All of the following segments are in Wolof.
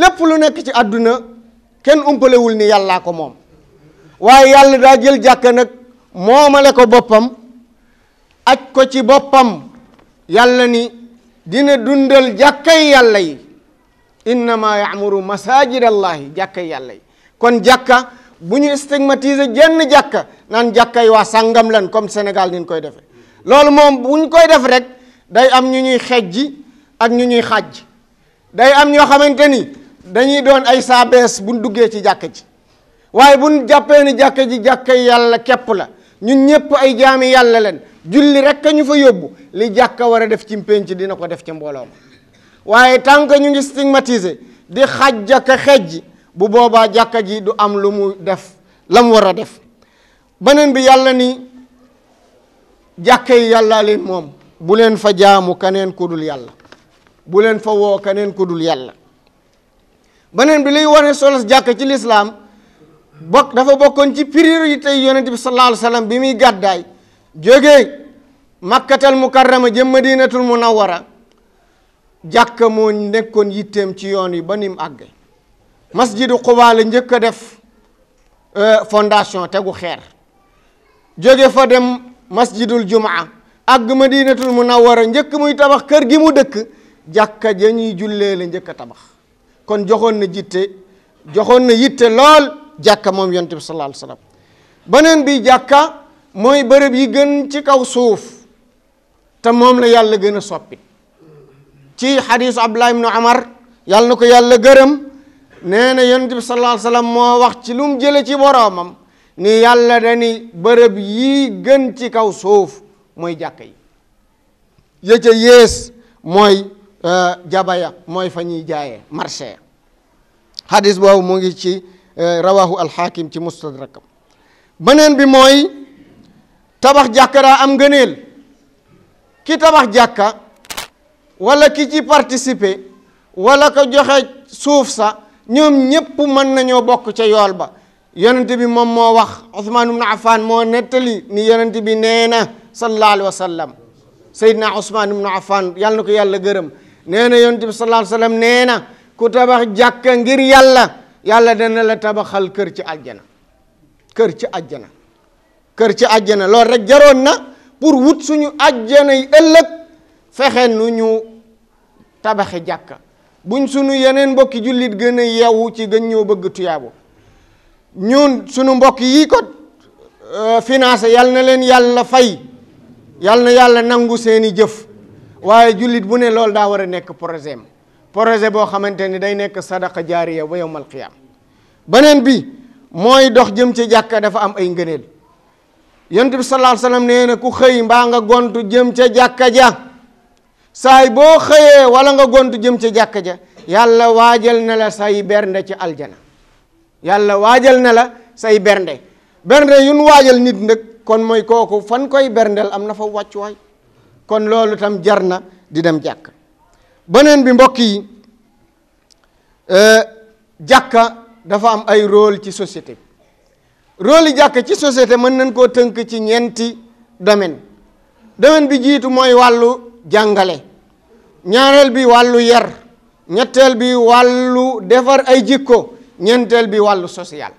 lépp lu nekk ci àdduna kenn umpalewul ni yàllaa ko moom waaye yàlla daa jël jàkka nag moomale ko boppam aj ko ci boppam yàlla ni dina dundal jàkkay yàlla yi innama yaamuru masajid allahi jàkkay yàlla yi kon jàkka bu ñu stigmatiser jenn jàkka naan jàkkay waa sàngam lan comme Sénégal nin koy defe loolu moom bu ñu koy def rek day am ñu ñuy xejji ak ñu ñuy xàjj day am ñoo xamante ni dañuy doon ay saa bu buñ duggee ci jàkka ji waaye buñ jàppee ni jàkka ji jàkka yàlla képp la ñun ñëpp ay jaami yàlla leen julli rek a ñu fa yóbbu li jàkka war a def ci pénc dina ko def ci mbooloo ma waaye tànk ñu ngi stigmatiser di xaj jàkka xejji bu boobaa jàkka ji du am lu mu def la mu war a def beneen bi yàlla ni jàkka yi yàlla leen moom bu leen fa jaamu keneen ku dul yàlla bu leen fa woo keneen ku dul yàlla beneen bi luy wane solos jàkk ci lislaam bokk dafa bokkoon ci priorité yonent bi sallallahu alayhi wa sallam bi muy gàddaay jógee makkatal mukarrama jëm madinatul munawwara jàkka moo nekkoon yitteem ci yoon yi ba nim àgg masjidu Quba la njëkk a def euh, fondation tegu xeer jóge fa dem masjidul jumaa àgg madinatul munawwara njëkk muy tabax kër gi mu dëkk jàkka ja ñuy jullee la njëkk a tabax kon joxoon na jitte joxoon na yitte lool jàkka moom yonent bi sallallahu alayhi wasallam bi jàkka mooy bërëb yi gën ci kaw suuf te moom la yàlla gën a soppi ci xadiis Abdullah ibn amar yàlla na ko yàlla gërëm nee na yonent bi moo wax ci lu mu jële ci boroomam ni yàlla dani bërëb yi gën ci kaw suuf mooy jàkka yi yëcca yées mooy Euh, jabaya mooy fa ñuy jaayee marché hadis boobu mu ngi ci euh, rawahu alxaakim ci mustadrakam beneen bi mooy tabax jàkka daa am ngëneel ki tabax jàkka wala ki ci participer wala ko joxe suuf sa ñoom ñépp mën nañoo bokk ca yool ba yonent bi moom moo wax Ousmane ibn Affan moo nettali ni yonent bi nee na sallallahu alayhi wa sallam Seydina Ousmane na Affan yàlla ko yàlla gërëm nee na yonent bi sallallahu nee na ku tabax jàkka ngir yàlla yàlla dana la tabaxal kër ci àjjana kër ci àjjana kër ci àjjana loolu rek jaroon na pour wut suñu àjjana yi ëllëg fexe nu ñu tabaxe jàkka buñ sunu yeneen mbokki jullit gën a yeewu ci gën ñoo bëgg tuyaabu ñun suñu mbokk yi ko euh, financé yal na leen yàlla fay yal na yàlla nangu seeni jëf waaye jullit bu ne loolu daa war a nekk projet am projet boo xamante ni day nekk sadaqa jaariya ba yowmal qiyaam beneen bi mooy dox jëm ci jàkka dafa am ay ngëneel yonent bi sallallahu alayhi ku xëy mbaa nga gontu jëm ca jàkka ja saay boo xëyee walla nga gontu jëm ca jàkka ja yàlla waajal na la say bernde ci aljana yàlla waajal na la say bernde bernde yun waajal nit nag kon mooy kooku fan koy berndel am na fa wàccuwaay kon loolu tam jar na di dem jàkka beneen bi mbokk yi euh, jàkka dafa am ay rôle ci société bi yi jàkka ci société mën nañ koo tënk ci ñeenti domaine domaine bi jiitu mooy wàllu jàngale ñaareel bi wàllu yar ñetteel bi wàllu defar ay jikko ñeenteel bi wàllu social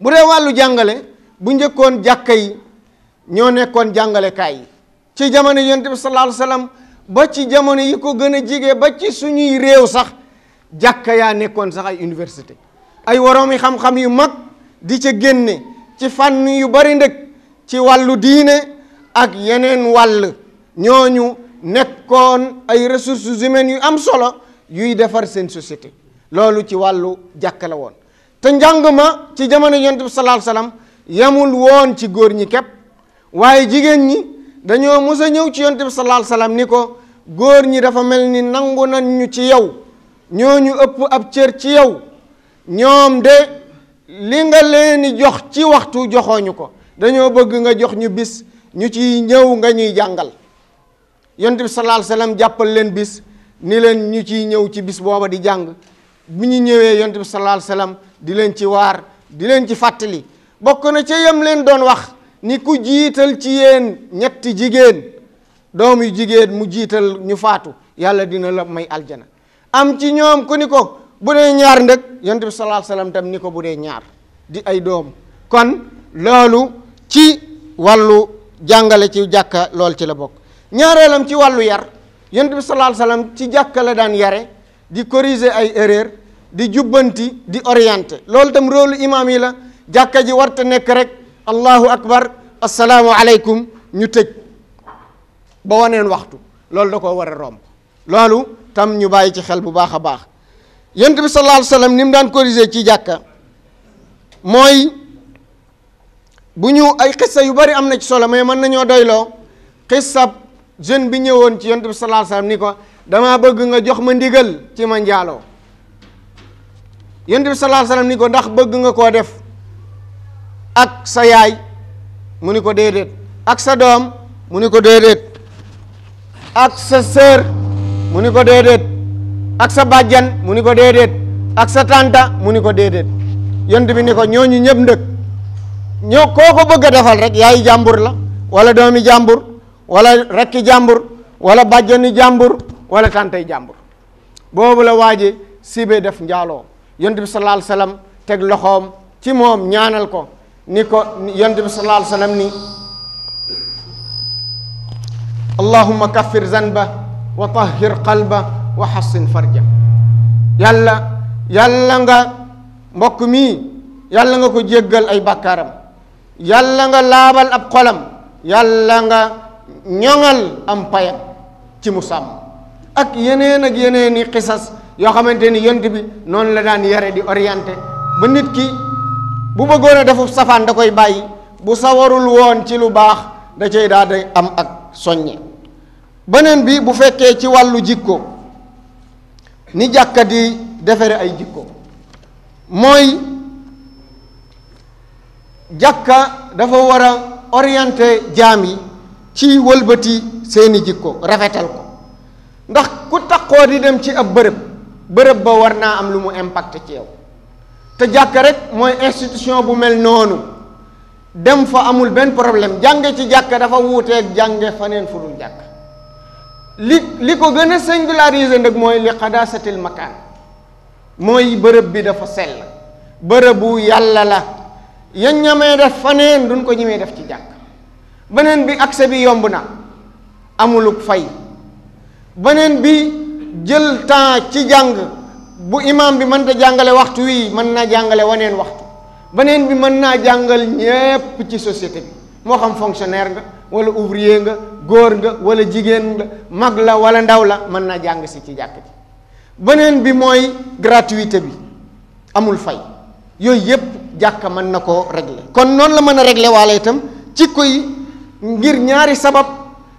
bu dee wàllu jàngale bu njëkkoon jàkka yi ñoo nekkoon jàngalekaay yi ci jamono yonent bi sallallahu alayhi ba ci jamono yi ko gën a jige ba ci suñuy réew sax jàkka yaa nekkoon sax ay université ay waroomi xam-xam yu mag di ci génne ci fànn yu bari ndëkk ci wàllu diine ak yeneen wàll ñooñu nekkoon ay ressources humaines yu am solo yuy defar seen société loolu ci wàllu jàkka la woon te njàng ma ci jamono yonent bi sallallahu alayhi wa yamul woon ci góor ñi képp waaye jigéen ñi dañoo mës a ñëw ci yonent bi sallallahu salaam wasallam ni ko góor ñi dafa mel ni nangu nañ ñu ci yow ñoo ñu ëpp ab cër ci yow ñoom de li nga leen jox ci waxtu joxoñu ko dañoo bëgg nga jox ñu bis ñu ciy ñëw nga ñuy jàngal yonent bi sallallahu alayhi jàppal leen bis ni leen ñu ciy ñëw ci bis booba di jàng bi ñu ñëwee yonent bi sallallahu alayhi di leen ci waar di leen ci fàttali bokk na ca yem leen doon wax ni ku jiital ci yéen ñetti jigéen doom yu jigéen mu jiital ñu faatu yàlla dina la may aljana am ci ñoom ku ni ko bu dee ñaar ndëkk yonent bi sallallahu alayhi tam ni ko bu dee ñaar di ay doom kon loolu ci wàllu jàngale ci jàkka lool ci la bokk ñaareelam ci wàllu yar yonent bi sallallahu ci jàkka la daan yare di corriger ay erreur di jubbanti di oriente loolu tam rôle imam yi la jàkka ji warta nekk rek allahu akbar assalaamu aleykum ñu tëj ba waneen waxtu loolu da koo war a romb loolu tam ñu bàyyi ci xel bu baax a baax yent bi sallallahu alayhi wa ni mu daan corriger ci jàkka mooy bu ñu ay xissa yu bari am na ci solo mais mën nañoo doyloo xissab jeune bi ñëwoon ci yent bi sallallahu ni ko dama bëgg nga jox ma ndigal ci ma njaaloo yent bi sallallahu alayhi ni ko ndax bëgg nga koo def ak sa yaay mu ni ko déedéet ak sa doom mu ni ko déedéet ak sa sœur mu ni ko déedéet ak sa bàjjan mu ni ko déedéet ak sa tànta mu ni ko déedéet yont bi ni ko ñooñu ñëpp ndëkk ñoo koo ko bëgg a defal rek yaayi jàmbur la wala doomi jàmbur wala rakki jàmbur wala bàjjani jàmbur wala tàntay jàmbur boobu la waaje sibe def njaaloo yont bi sallallahu alayhi teg loxoom ci moom ñaanal ko ni ko yonent bi sallallahu alayhi wa zanba wa tahhir qalba wa xassin farja yàlla yàlla nga mbokk mi yàlla nga ko jéggal ay bàkkaaram yàlla nga laabal ab kolam yàlla nga ñoŋal am payam ci mu sàmm ak yeneen ak yeneen i xisas yoo xamante ni yont bi noonu la daan yare di orienté ba nit ki bu bëggoon deful safaan da koy bàyyi bu sawarul woon ci lu baax da cay daal di am ak soññe beneen bi bu fekkee ci wàllu jikko ni jàkka di defere ay jikko mooy jàkka dafa war a orienté jaam yi ci wëlbati seeni jikko rafetal ko ndax ku takkoo di dem ci ab bërëb bërëb ba war naa am lu mu impact ci yow te jàkka rek mooy institution bu mel noonu dem fa amul benn problème jànge ci jàkka dafa wuuteeg jànge faneen fu dul jàkk li li ko gën a singulariser nag mooy li xadaasatil makaan mooy bërëb bi dafa sell bërëbu yàlla la yan ñamee def faneen duñ ko ñemee def ci jàkk beneen bi accès bi yomb na amuluk fay beneen bi jël temps ci jàng bu imaam bi mënta jàngale waxtu wii mën naa jàngale waneen waxtu beneen bi mën naa jàngal ñépp ci société bi moo xam fonctionnaire nga wala ouvrier nga góor nga wala jigéen la mag la wala ndaw la mën naa jàng si ci jàkk ji beneen bi mooy gratuité bi amul fay yooyu yépp jàkka mën na ko régler kon noonu la mën a régler waale itam ci koy ngir ñaari sabab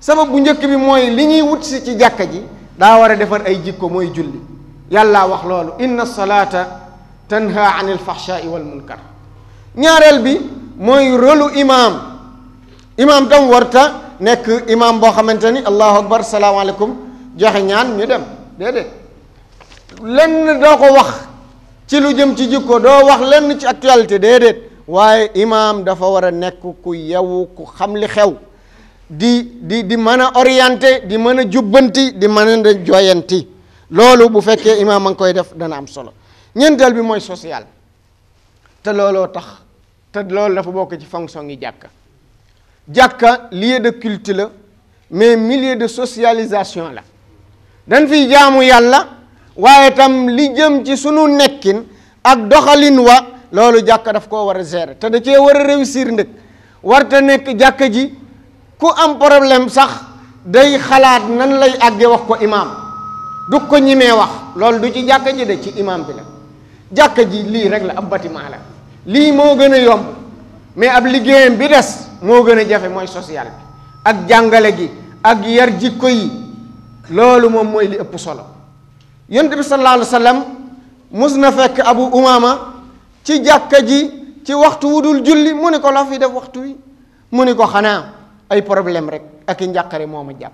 sabab bu njëkk bi mooy li ñuy wut si ci jàkk ji daa war a defar ay jikko mooy julli yàllaa wax loolu inna salaata tanha an il fahshaai wal ñaareel bi mooy rëlu imaam imaam dam warta nekk imaam boo xamante ni allahu akbar salaamaaleykum joxe ñaan ñu dem déedéet lenn doo ko wax ci lu jëm ci jikko doo wax lenn ci actualité déedéet waaye imaam dafa war a nekk ku yewu ku xam li xew di di di mën a orienté di mën a jubbanti di mën a joyanti loolu bu fekkee imaam a ngi koy def dana am solo ñeenteel bi mooy social te looloo tax te loolu dafa bokk ci fonction ngi jàkka jàkka lie de culte mais milieu de socialisation la dañ fiy jaamu yàlla waaye tam li jëm ci sunu nekkin ak doxalin wa loolu jàkka daf koo war a gérer te da cee war a réussir war warta nekk jàkka ji ku am problème sax day xalaat nan lay àggee wax ko imaam du ko ñimee wax loolu du ci jàkka ji de ci imam bi la jàkka ji lii rek la ab bâtiment la lii moo gën a yomb mais ab liggéeyam bi des moo gën a jafe mooy social bi ak jàngale gi ak yar jikko yi loolu moom mooy li ëpp solo yonent bi sallallahu alayhi na fekk abu umaama ci jàkka ji ci waxtu wu dul julli mu ni ko la fi def waxtu mu ni ko xanaa ay problème rek ak i njàqare moo ma jàpp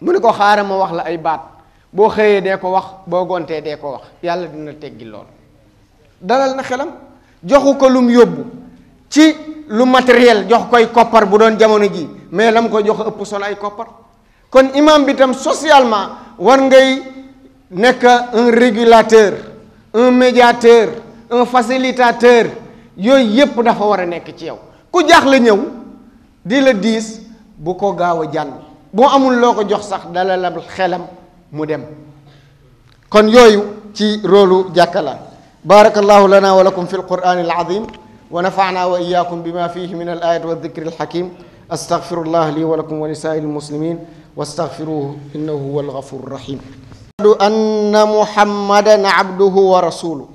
mu ne ko xaaral ma wax la ay baat boo xëyee dee ko wax boo gontee dee ko wax yàlla dina teggi lool dalal na xelam joxu ko lum yóbbu ci lu matériel jox koy koppar bu doon jamono ji mais lam ko jox ëpp solo ay koppar kon imam bi tam socialement war ngay nekk un régulateur un médiateur un facilitateur yooyu yépp dafa war a nekk ci yow ku la ñëw di la diis bu ko gaaw a jànn boo amul loo ko jox sax dalal la xelam mu dem kon yooyu ci roolu jàkka la barakallahu lana wa lakum fi alqurani alazim wa nafana wa iyakum bima fihi min alayat wa dhikri alhakim astaghfirullah li wa lakum wa lisaa'il muslimin wastaghfiruhu innahu huwa alghafur rahim ashhadu anna muhammadan abduhu wa rasuluh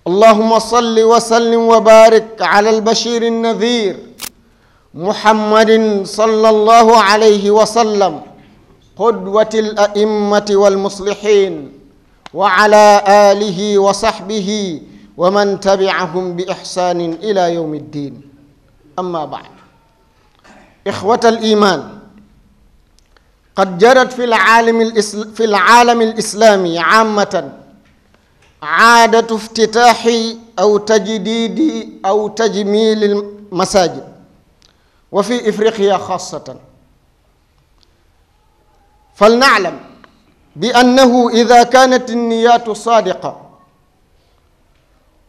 اللهم صل وسلم وبارك على البشير النذير محمد صلى الله عليه وسلم قدوة الأئمة والمصلحين وعلى آله وصحبه ومن تبعهم بإحسان إلى يوم الدين أما بعد إخوة الإيمان قد جرت في العالم في العالم الإسلامي عامة عادة افتتاح أو تجديد أو تجميل المساجد وفي إفريقيا خاصة فلنعلم بأنه إذا كانت النيات صادقة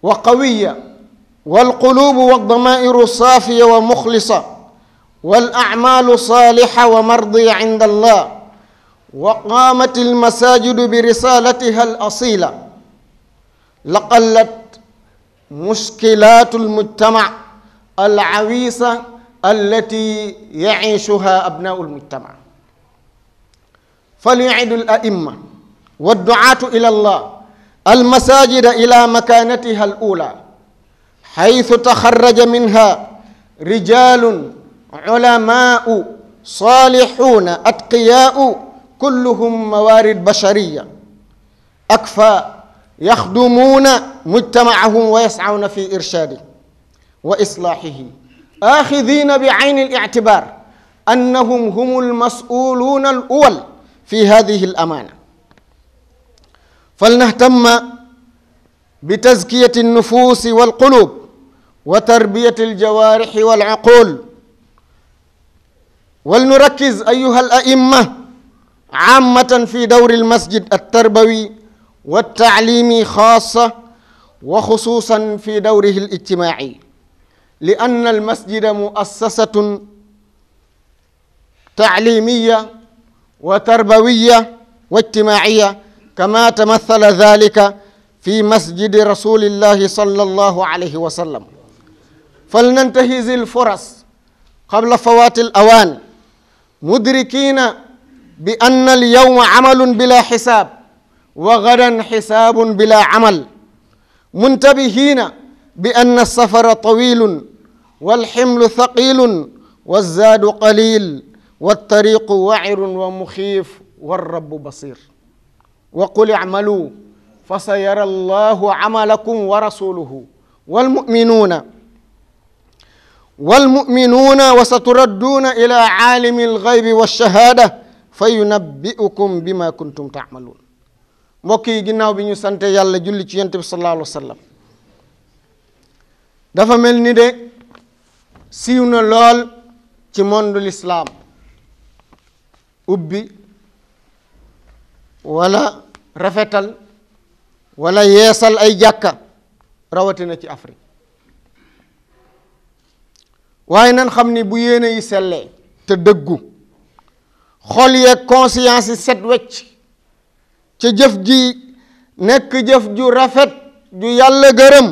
وقوية والقلوب والضمائر صافية ومخلصة والأعمال صالحة ومرضية عند الله وقامت المساجد برسالتها الأصيلة لقلت مشكلات المجتمع العويصة التي يعيشها أبناء المجتمع فليعد الأئمة والدعاة إلى الله المساجد إلى مكانتها الأولى حيث تخرج منها رجال علماء صالحون أتقياء كلهم موارد بشرية أكفى يخدمون مجتمعهم ويسعون في إرشاده وإصلاحه آخذين بعين الاعتبار أنهم هم المسؤولون الأول في هذه الأمانة فلنهتم بتزكية النفوس والقلوب وتربية الجوارح والعقول ولنركز أيها الأئمة عامة في دور المسجد التربوي والتعليمي خاصة وخصوصا في دوره الاجتماعي لأن المسجد مؤسسة تعليمية وتربوية واجتماعية كما تمثل ذلك في مسجد رسول الله صلى الله عليه وسلم فلننتهز الفرص قبل فوات الأوان مدركين بأن اليوم عمل بلا حساب وغدا حساب بلا عمل منتبهين بأن السفر طويل والحمل ثقيل والزاد قليل wa tariqu wairun wa muxiif wa rabbu basir wa qul icmalu fa sa yara allahu camalakum wa rasuluhu walmuminuuna walmuminuuna wa sa turadduuna ila caalimi alxaybi walchahaada fa yunabbiukum bima kuntum tacmaluun mbokk yi ginnaaw bi ñu sante yàlla julli ci yonent bi sallallahu alayhi wa sallam dafa mel ni de siiw na lool ci monde l'islam ubbi wala rafetal wala yeesal ay jàkka rawatina ci Afrique waaye nan xam ni bu yéene yi sellee te dëggu xol yeeg conscience yi set wecc ca jëf ji nekk jëf ju rafet ju yàlla gërëm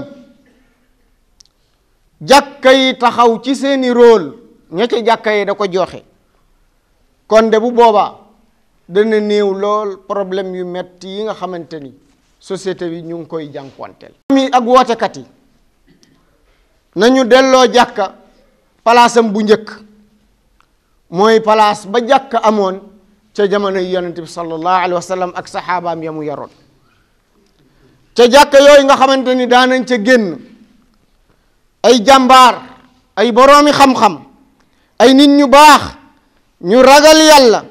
jàkka yi taxaw ci seeni rôle ña jàkka yi da ko joxe kon de bu boobaa dana néew lool problème yu metti yi nga xamante ni société bi ñu ngi koy jànkuwanteel mi ak wootekat yi nañu delloo jàkka palaasam bu njëkk mooy palaas ba jàkk amoon ca jamono yi yonent bi sallallahu alayhi ak saxaabaam ya mu yaroon ca jàkka yooyu nga xamante ni daanañ ca génn ay jàmbaar ay boroomi xam-xam ay nit ñu baax ñu ragal yàlla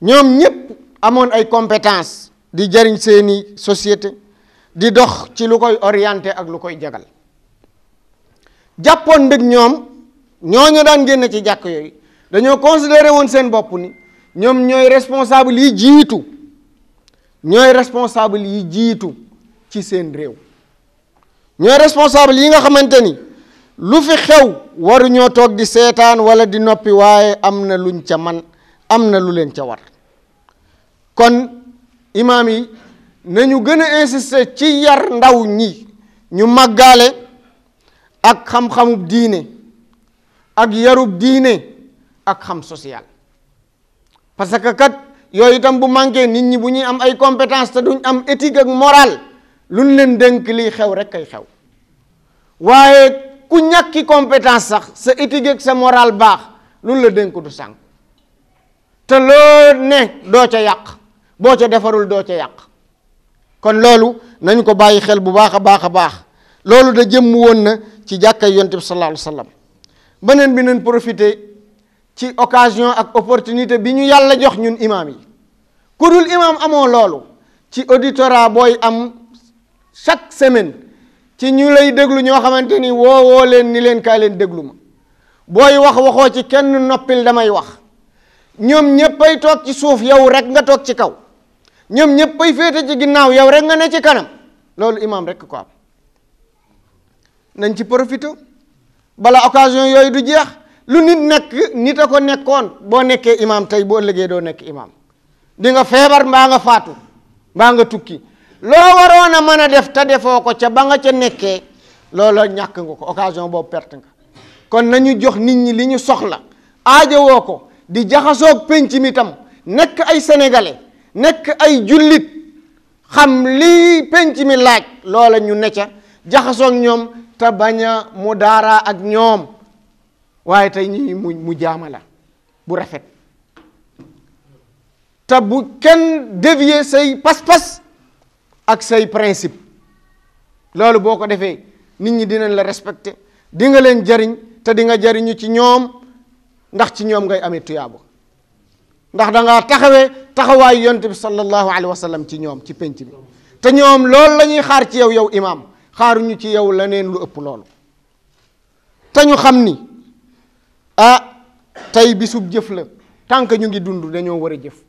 ñoom ñépp amoon ay compétence di jariñ seeni société di dox ci lu koy orienté ak lu koy jagal jàppoon ndëg ñoom ñooñu daan génn ci jàkk yooyu dañoo considéré woon seen bopp ni ñoom ñooy responsable yi jiitu ñooy responsable yi jiitu ci seen réew ñooy responsable yi nga xamante ni lu fi xew waruñoo toog di seetaan wala di noppi waaye am na luñ ca man am na lu leen ca war kon imaam yi nañu gën a insister ci yar ndaw ñi ñu màggaale ak xam-xamub diine ak yarub diine ak xam social parce que kat yooyu itam bu manqué nit ñi bu ñuy am ay compétence te duñ am éthique ak morale luñ leen dénk liy xew rek ay xew waaye ku ñàkki compétence sax sa éthique ak sa moral baax lu la dénk du sànq te loo ne doo ca yàq boo ca defarul doo ca yàq kon loolu nañu ko bàyyi xel bu baax a baax a baax loolu da jëmm woon na ci jàkkay yonte bi sallallahu alayhi wa beneen bi nañ profité ci occasion ak opportunité bi ñu yàlla jox ñun imaam yi ku dul imaam amoo loolu ci auditorat booy am chaque semaine ci ñu lay déglu ñoo xamante ni woowoo leen ni leen kaa leen déglu ma booy wax waxoo ci kenn noppil damay wax ñoom ñéppay toog ci suuf yow rek nga toog ci kaw ñoom ñéppay féete ci ginnaaw yow rek nga ne ci kanam loolu imam rekk ko am nañ ci profité bala occasion yooyu du jeex lu nit nekk nit a ko nekkoon boo nekkee imam tey boo ëllëgee doo nekk imaam di nga feebar mbaa nga faatu mbaa nga tukki loo waroon mën a def te defoo ko ca ba nga ca nekkee looloo ñàkk nga ko occasion boobu perte nga kon nañu jox nit ñi li ñu soxla aajowoo ko di jaxasoog penc mi tam nekk ay senegale nekk ay jullit xam lii penc mi laaj loola ñu ne ca jaxasoog ñoom te bañ a mu daaraa ak ñoom waaye tey mu mu jaama la bu rafet te bu kenn dévier say pas-pas ak say principe loolu boo ko defee nit ñi dinañ la respecter di nga leen jariñ te di nga jariñu ci ñoom ndax ci ñoom ngay amee tuyaabo ndax danga ngaa taxawee taxawaayu yonent bi sallallahu alayhi wa sallam ci ñoom ci pénc mi te ñoom loolu la ñuy xaar ci yow yow imaam xaaruñu ci yow leneen lu ëpp loolu te ñu xam ni ah tey bisub jëf la tant que ñu ngi dund dañoo war a jëf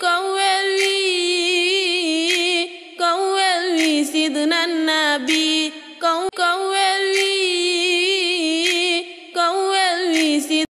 go